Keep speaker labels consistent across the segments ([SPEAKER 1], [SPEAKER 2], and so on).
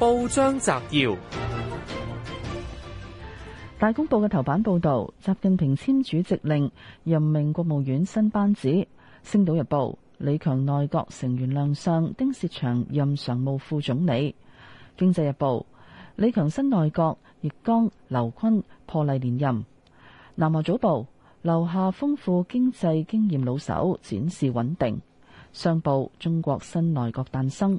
[SPEAKER 1] 報章摘要：大公報嘅頭版報道，習近平簽主席令，任命國務院新班子。星島日報，李強內閣成員亮相，丁薛祥任常務副總理。經濟日報，李強新內閣易綱、劉昆破例連任。南華早報，留下豐富經濟經驗老手，展示穩定。商報，中國新內閣誕生。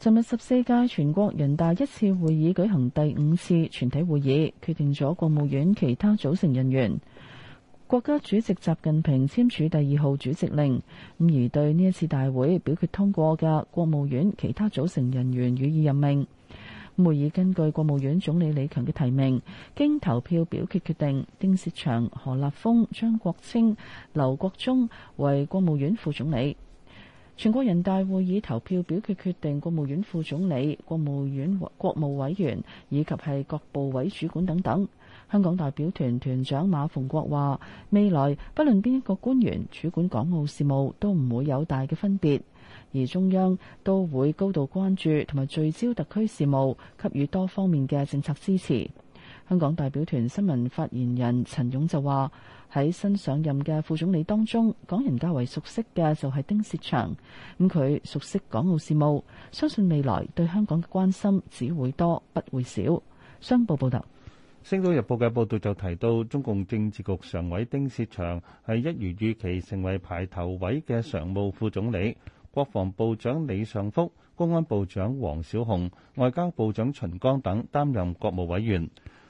[SPEAKER 1] 昨日十四屆全國人大一次會議舉行第五次全體會議，決定咗國務院其他組成人員。國家主席習近平簽署第二號主席令，咁而對呢一次大會表決通過嘅國務院其他組成人員予以任命。咁會議根據國務院總理李強嘅提名，經投票表決決定丁薛祥、何立峰、張國清、劉國中為國務院副總理。全國人大會議投票表決決定國務院副總理、國務院國務委員以及係各部委主管等等。香港代表團團長馬逢國話：未來不論邊一個官員主管港澳事務，都唔會有大嘅分別，而中央都會高度關注同埋聚焦特區事務，給予多方面嘅政策支持。香港代表團新聞發言人陳勇就話：喺新上任嘅副總理當中，港人較為熟悉嘅就係丁薛祥。咁佢熟悉港澳事務，相信未來對香港嘅關心只會多，不會少。商報報道，
[SPEAKER 2] 《星島日報》嘅報導就提到，中共政治局常委丁薛祥係一如預期成為排頭位嘅常務副總理，國防部長李尚福、公安部長王小洪、外交部長秦剛等擔任國務委員。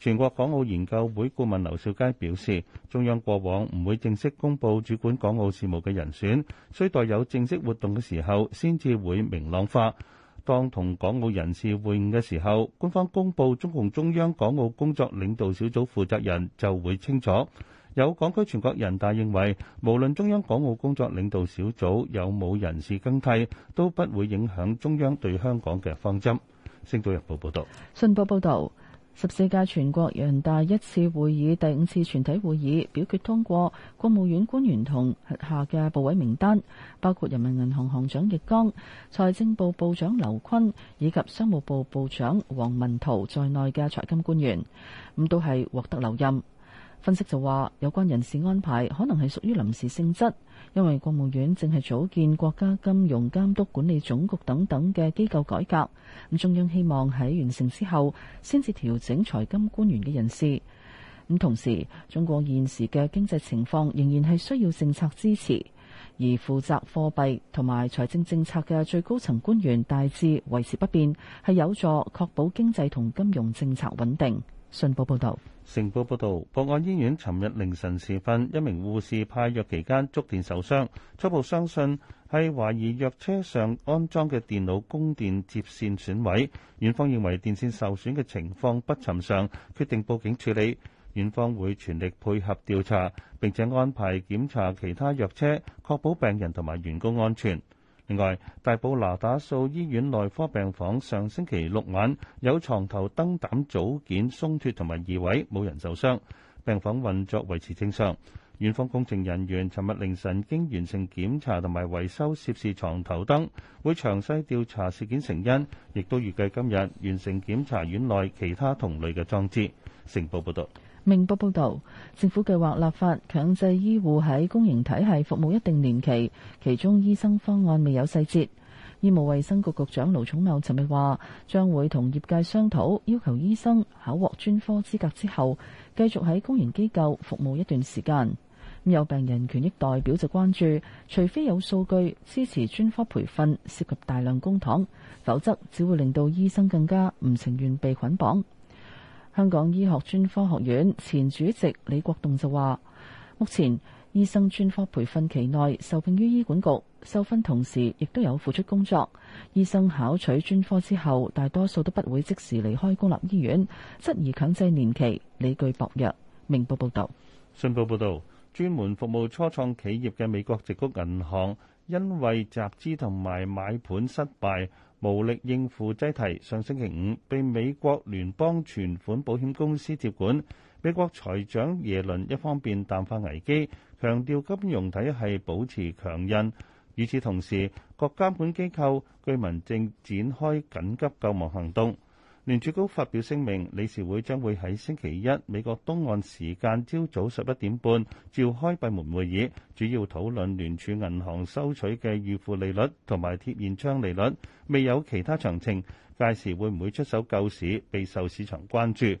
[SPEAKER 2] 全國港澳研究會顧問劉兆佳表示，中央過往唔會正式公布主管港澳事務嘅人選，需待有正式活動嘅時候先至會明朗化。當同港澳人士會晤嘅時候，官方公布中共中央港澳工作領導小組負責人就會清楚。有港區全國人大認為，無論中央港澳工作領導小組有冇人事更替，都不會影響中央對香港嘅方針。星島日報
[SPEAKER 1] 報道。信報報道。十四屆全國人大一次會議第五次全體會議表決通過國務院官員同轄下嘅部委名單，包括人民銀行行長易綱、財政部部長劉昆以及商務部部長王文濤在內嘅財金官員，咁都係獲得留任。分析就話，有關人事安排可能係屬於臨時性質，因為國務院正係組建國家金融監督管理總局等等嘅機構改革。咁中央希望喺完成之後，先至調整財金官員嘅人事。咁同時，中國現時嘅經濟情況仍然係需要政策支持，而負責貨幣同埋財政政策嘅最高層官員大致維持不變，係有助確保經濟同金融政策穩定。信報報道，
[SPEAKER 2] 城報報，報道，博愛醫院尋日凌晨時分，一名護士派藥期間觸電受傷，初步相信係懷疑藥車上安裝嘅電腦供電接線損毀。院方認為電線受損嘅情況不尋常，決定報警處理。院方會全力配合調查，並且安排檢查其他藥車，確保病人同埋員工安全。另外，大埔那打素醫院內科病房上星期六晚有床頭燈膽組件鬆脱同埋移位，冇人受傷，病房運作維持正常。院方工程人員尋日凌晨經完成檢查同埋維修涉事床頭燈，會詳細調查事件成因，亦都預計今日完成檢查院內其他同類嘅裝置。成報報道。
[SPEAKER 1] 明報報道，政府計劃立法強制醫護喺公營體系服務一定年期，其中醫生方案未有細節。醫務衛生局局長盧寵茂尋日話，將會同業界商討，要求醫生考獲專科資格之後，繼續喺公營機構服務一段時間。有病人權益代表就關注，除非有數據支持專科培訓涉及大量公帑，否則只會令到醫生更加唔情願被捆綁。香港醫學專科學院前主席李國棟就話，目前醫生專科培訓期內受聘於醫管局受訓同時亦都有付出工作。醫生考取專科之後，大多數都不會即時離開公立醫院，質疑強制年期理據薄弱。明報報道，
[SPEAKER 2] 信報報道，專門服務初創企業嘅美國矽谷銀行，因為集資同埋買盤失敗，無力應付擠提，上星期五被美國聯邦存款保險公司接管。美國財長耶倫一方面淡化危機，強調金融體系保持強韌。與此同時，各監管機構據聞正展開緊急救亡行動。聯儲局發表聲明，理事會將會喺星期一美國東岸時間朝早十一點半召開閉門會議，主要討論聯儲銀行收取嘅預付利率同埋貼現窗利率，未有其他詳情。屆時會唔會出手救市，備受市場關注。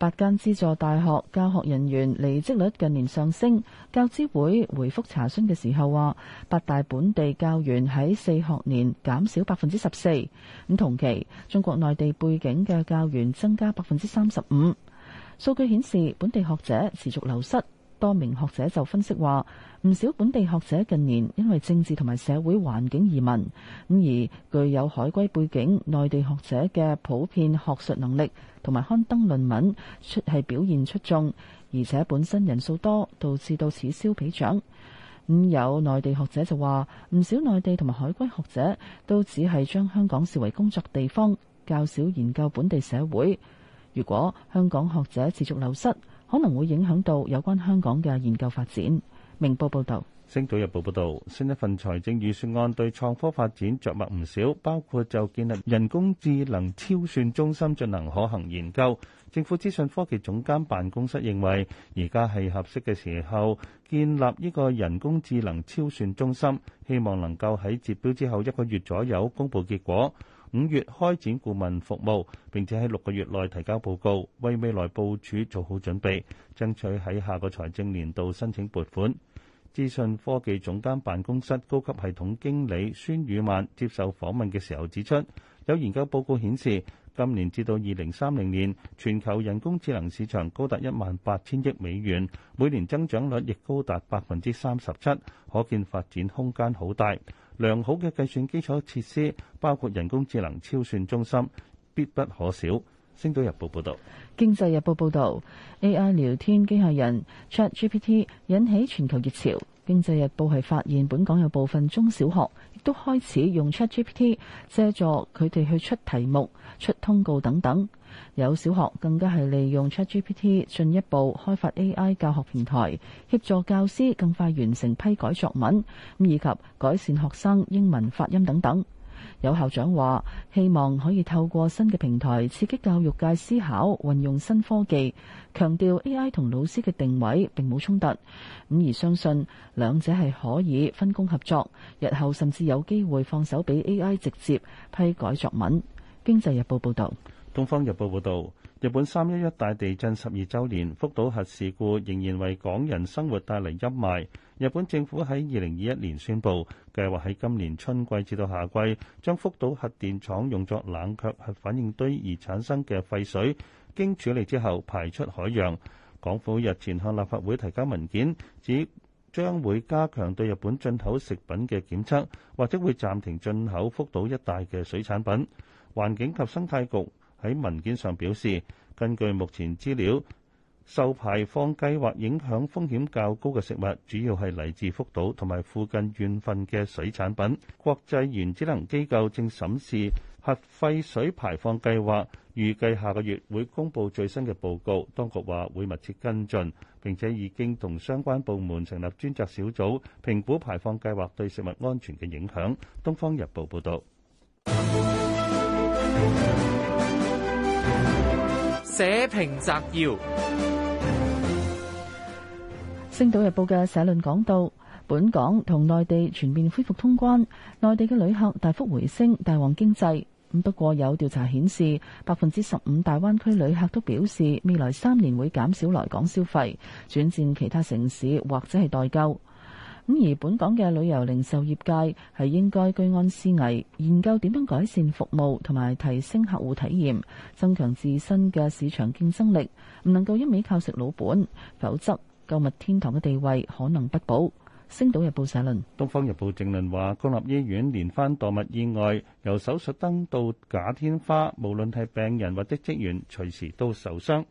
[SPEAKER 1] 八間資助大學教學人員離職率近年上升，教資會回覆查詢嘅時候話，八大本地教員喺四學年減少百分之十四，咁同期中國內地背景嘅教員增加百分之三十五。數據顯示本地學者持續流失。多名學者就分析話唔少本地學者近年因為政治同埋社會環境移民，咁而具有海歸背景，內地學者嘅普遍學術能力同埋刊登論文出係表現出眾，而且本身人數多，導致到此消彼長，咁有內地學者就話唔少內地同埋海歸學者都只係將香港視為工作地方，較少研究本地社會，如果香港學者持續流失，可能會影響到有關香港嘅研究發展。明報報道。
[SPEAKER 2] 星島日報報道，新一份財政預算案對創科發展着墨唔少，包括就建立人工智能超算中心進行可行研究。政府資訊科技總監辦公室認為，而家係合適嘅時候建立呢個人工智能超算中心，希望能夠喺截標之後一個月左右公佈結果。五月開展顧問服務，並且喺六個月內提交報告，為未來部署做好準備，爭取喺下個財政年度申請撥款。資訊科技總監辦公室高級系統經理孫宇曼接受訪問嘅時候指出，有研究報告顯示，今年至到二零三零年，全球人工智能市場高達一萬八千億美元，每年增長率亦高達百分之三十七，可見發展空間好大。良好嘅計算基礎設施，包括人工智能超算中心，必不可少。
[SPEAKER 1] 星島日報報道，經濟日報報道，AI 聊天機械人 ChatGPT 引起全球熱潮。經濟日報係發現本港有部分中小學亦都開始用 ChatGPT 借助佢哋去出題目、出通告等等。有小學更加係利用 ChatGPT 進一步開發 AI 教學平台，協助教師更快完成批改作文，以及改善學生英文發音等等。有校長話，希望可以透過新嘅平台刺激教育界思考，運用新科技，強調 AI 同老師嘅定位並冇衝突，咁而相信兩者係可以分工合作，日後甚至有機會放手俾 AI 直接批改作文。經濟日報報道。《東方日報》報
[SPEAKER 2] 導，日本三一一大地震十二週年，福島核事故仍然為港人生活帶嚟陰霾。日本政府喺二零二一年宣布，計劃喺今年春季至到夏季，將福島核電廠用作冷卻核反應堆而產生嘅廢水，經處理之後排出海洋。港府日前向立法會提交文件，指將會加強對日本進口食品嘅檢測，或者會暫停進口福島一帶嘅水產品。環境及生態局喺文件上表示，根據目前資料，受排放計劃影響風險較高嘅食物，主要係嚟自福島同埋附近縣份嘅水產品。國際原子能機構正審視核廢水排放計劃，預計下個月會公布最新嘅報告。當局話會密切跟進，並且已經同相關部門成立專責小組，評估排放計劃對食物安全嘅影響。《東方日報》報道。
[SPEAKER 1] 報章摘要，《星島日報》嘅社論講到，本港同內地全面恢復通關，內地嘅旅客大幅回升，大旺經濟。咁不過有調查顯示，百分之十五大灣區旅客都表示，未來三年會減少來港消費，轉戰其他城市或者係代購。咁而本港嘅旅遊零售業界係應該居安思危，研究點樣改善服務同埋提升客戶體驗，增強自身嘅市場競爭力，唔能夠一味靠食老本，否則購物天堂嘅地位可能不保。星島日報社論。
[SPEAKER 2] 東方日報正論話，公立醫院連番墮物意外，由手術燈到假天花，無論係病人或者職員，隨時都受傷。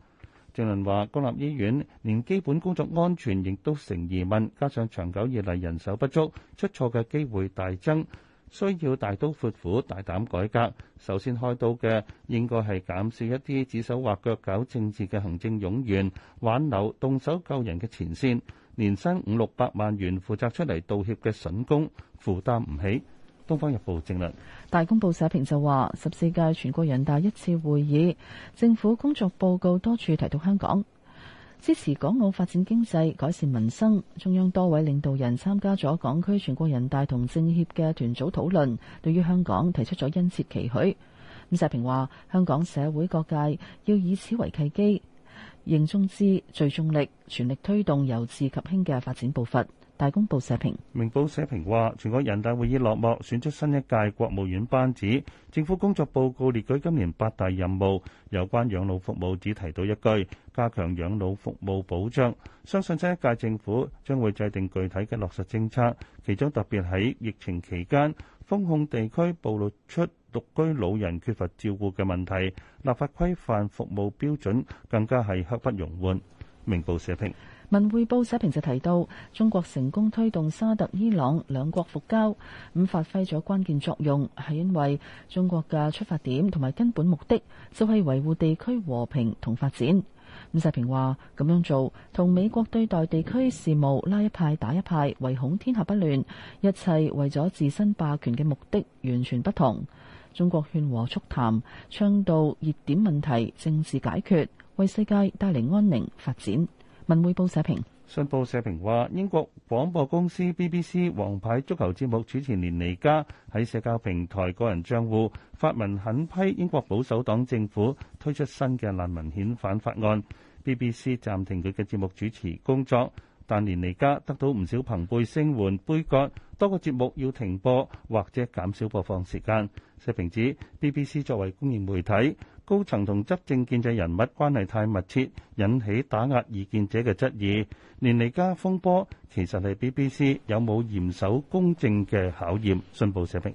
[SPEAKER 2] 正論話：公立醫院連基本工作安全亦都成疑問，加上長久以嚟人手不足，出錯嘅機會大增，需要大刀闊斧、大膽改革。首先開刀嘅應該係減少一啲指手畫腳搞政治嘅行政冗員，挽留動手救人嘅前線，年薪五六百萬元負責出嚟道歉嘅筍工，負擔唔起。東方日報政論，
[SPEAKER 1] 大公報社評就話：十四屆全國，人大一次會議，政府工作報告多處提到香港，支持港澳發展經濟、改善民生。中央多位領導人參加咗港區全國人大同政協嘅團組討論，對於香港提出咗殷切期許。咁社評話，香港社會各界要以此為契機，凝眾志、聚眾力，全力推動由治及興嘅發展步伐。大公報社評。
[SPEAKER 2] 明報社評話，全國人大會議落幕，選出新一屆國務院班子，政府工作報告列舉今年八大任務，有關養老服務只提到一句，加強養老服務保障。相信新一屆政府將會制定具體嘅落實政策，其中特別喺疫情期間封控地區暴露出獨居老人缺乏照顧嘅問題，立法規範服務標準更加係刻不容緩。明報社評。
[SPEAKER 1] 文匯報社評就提到，中國成功推動沙特、伊朗兩國復交，咁發揮咗關鍵作用，係因為中國嘅出發點同埋根本目的就係維護地區和平同發展。咁社評話，咁樣做同美國對待地區事務拉一派打一派，唯恐天下不亂，一切為咗自身霸權嘅目的，完全不同。中國勸和促談，倡導熱點問題政治解決，為世界帶嚟安寧發展。文匯報社評：
[SPEAKER 2] 信報社評話，英國廣播公司 BBC 皇牌足球節目主持連尼加喺社交平台個人賬戶發文狠批英國保守黨政府推出新嘅難民遣返法案，BBC 暫停佢嘅節目主持工作，但連尼加得到唔少朋輩聲援杯葛，多個節目要停播或者減少播放時間。社評指，BBC 作為公營媒體，高層同執政建制人物關係太密切，引起打壓異見者嘅質疑，連嚟加風波，其實係 BBC 有冇嚴守公正嘅考驗？信報社評。